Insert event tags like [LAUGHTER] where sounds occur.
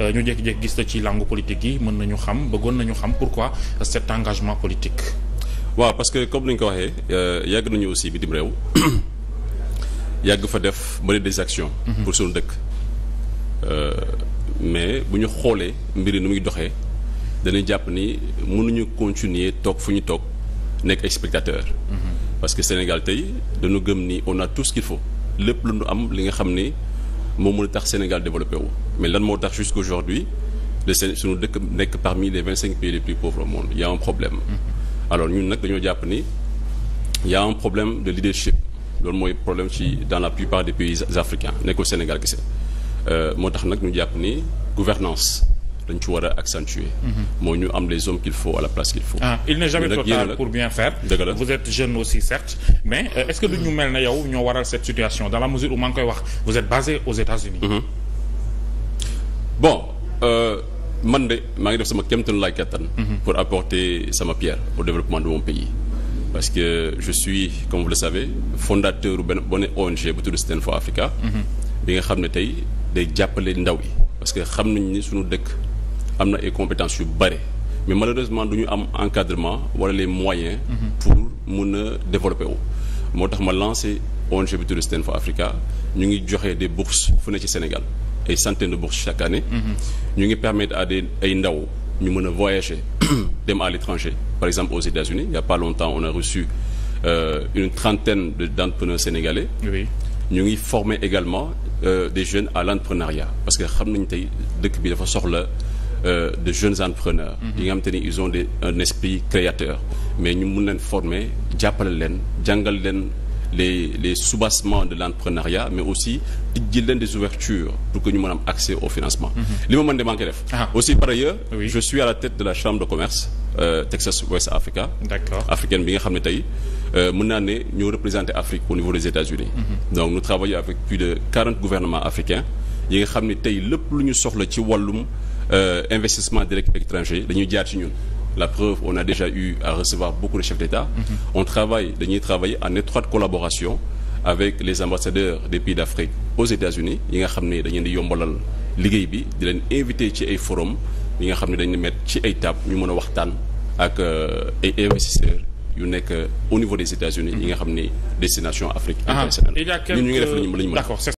Euh, ñu jékki-jékki gis la ci langue politique yi mën nañu xam bëggoon nañu xam pourquoi cet engagement politique. waaw parce que comme ni ñu ko waxee euh, yàgg nañu aussi bitim réew [COUGHS] yàgg fa def bëri des actions. Mhm. pour suñu dëkk. Euh, mais bu ñu xoolee mbir yi nu muy doxee dañuy jàpp ni mënuñu continuer toog fu ñu toog nekk ay spectateur mhm. parce que Sénégal tey dañu gëm ni on a tout ce qu'il faut lépp lu ñu am li nga xam ni. moom mën a tax Sénégal développé wu mais lan moo tax jusqu'aujourd'hui le Séné suñu dëkk nekk parmi les vingt cinq pays les plus pauvres au monde il y a problème mm-hmm. alors ñun nag dañoo jàpp ni il y a un problème de leadership loolu mooy problème ci dans la plupart des pays africains nekk au Sénégal kese euh, moo tax nag ñu jàpp ni gouvernance dañ ci war a accentuer. moo ñu am les hommes qu'il faut à la place qu'il faut. Ah, il n'est jamais trop pour bien faire. dëgg la vous êtes jeune aussi certes mais euh, est-ce que du ñu mel ne yow ñoo waral cette situation dans la mesure où maa ngi koy wax vous êtes basé mm-hmm. euh, de maa ngi def sama kéemtanu laay kattan. Mm-hmm. pour apporter sama pierre au développement de mon pays. parce que je suis comme vous le savez fondateur benn bonne ONG bu tudd Stand for Africa. Mm-hmm. bi nga xam ne tey day jàppale ndaw parce que xam nañ ni suñu dëkk. am na ay compétences yu bare mais malheureusement du ñu am encadrement wala les moyens. pour mun a développer wu. moo tax ma lancé ONG bi tudd Stand for Africa ñu ngi joxe des bourses fu ne ci Sénégal ay centaines de bourses chaque année. ñu ngi permettre à des ay ndaw ñu mën a voyager [COUGHS] dem à par exemple aux États-Unis il y a pas longtemps on a reçu euh, une trentaine de d'entrepreneurs sénégalais. ñu ngi former également euh, des jeunes à l'entrepreneuriat parce que xam nañ tey dëkk bi dafa soxla. euh, de jeunes entrepreneurs. Mhm. yi nga xamante ni ils ont des un esprit créateur. mais ñu mun leen former jàppale leen jàngal leen les les soubassements de l'entrepreneuriat mais aussi tijji leen des ouvertures pour que ñu mën am accès au financement. Mhm. li ma mën de manqué def. Ah. aussi par ailleurs. je suis à la tête de la chambre de commerce. Euh, Texas West Africa. africaine bi nga xam ne tey euh, mën naa ne ñoo représenter Afrique au niveau des États-Unis mm -hmm. donc yi nga xam ne tey lépp lu ñu soxla ci wàllum. Euh, investissement direct étranger dañuy jaar ci ñun la preuve on a déjà eu à recevoir beaucoup de chefs d'État mm -hmm. on travaille dañuy travailler en étroite collaboration avec les ambassadeurs des pays d'Afrique aux États-Unis yi nga xam ne dañu di yombalal liggéey bi di leen invité ci ay forum ñi nga xam ne dañu mettre ci ay table ñu mën a waxtaan ak euh, ay investisseurs yu nekk euh, au niveau des États-Unis yi nga xam ne destination Afrique ah, internationale ñun ñu ngi def